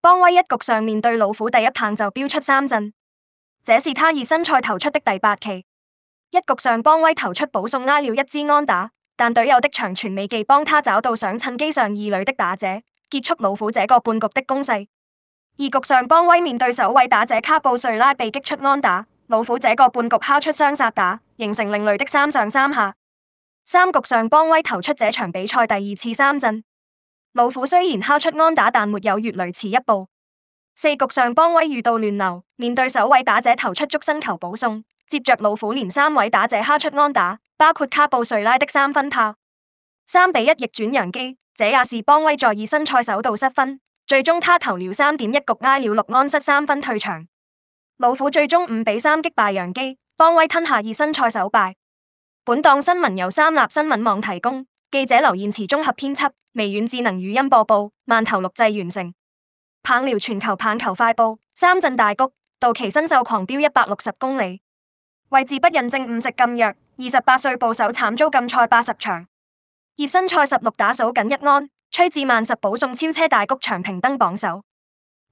邦威一局上面對老虎第一棒就飆出三振，這是他熱身賽投出的第八期。一局上邦威投出保送挨了一支安打，但隊友的長傳美技幫他找到想趁機上二壘的打者，結束老虎這個半局的攻勢。二局上邦威面對首位打者卡布瑞拉被擊出安打，老虎這個半局敲出雙殺打，形成另類的三上三下。三局上邦威投出這場比賽第二次三振。老虎雖然敲出安打，但沒有越雷池一步。四局上邦威遇到亂流，面對首位打者投出觸身球保送，接着老虎連三位打者敲出安打，包括卡布瑞拉的三分炮，三比一逆轉洋基。這也是邦威在熱身賽首度失分，最終他投了三點一局，挨了六安失三分退場。老虎最終五比三擊敗洋基，邦威吞下熱身賽首敗。本檔新聞由三立新聞網提供。記者劉燕慈綜合編輯，微軟智能語音播報，慢頭錄製完成。棒聊全球棒球快報：三振大谷道奇新秀狂飆一百六十公里，位置不孕症誤食禁藥，二十八歲捕手慘遭禁賽八十場。熱身賽十六打數僅一安，崔志萬十保送超車大谷長平登榜首。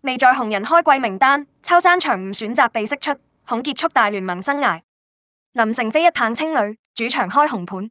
未在紅人開季名單，秋山翔吾選擇被釋出，恐結束大聯盟生涯。林成飛一棒青旅主場開紅盤。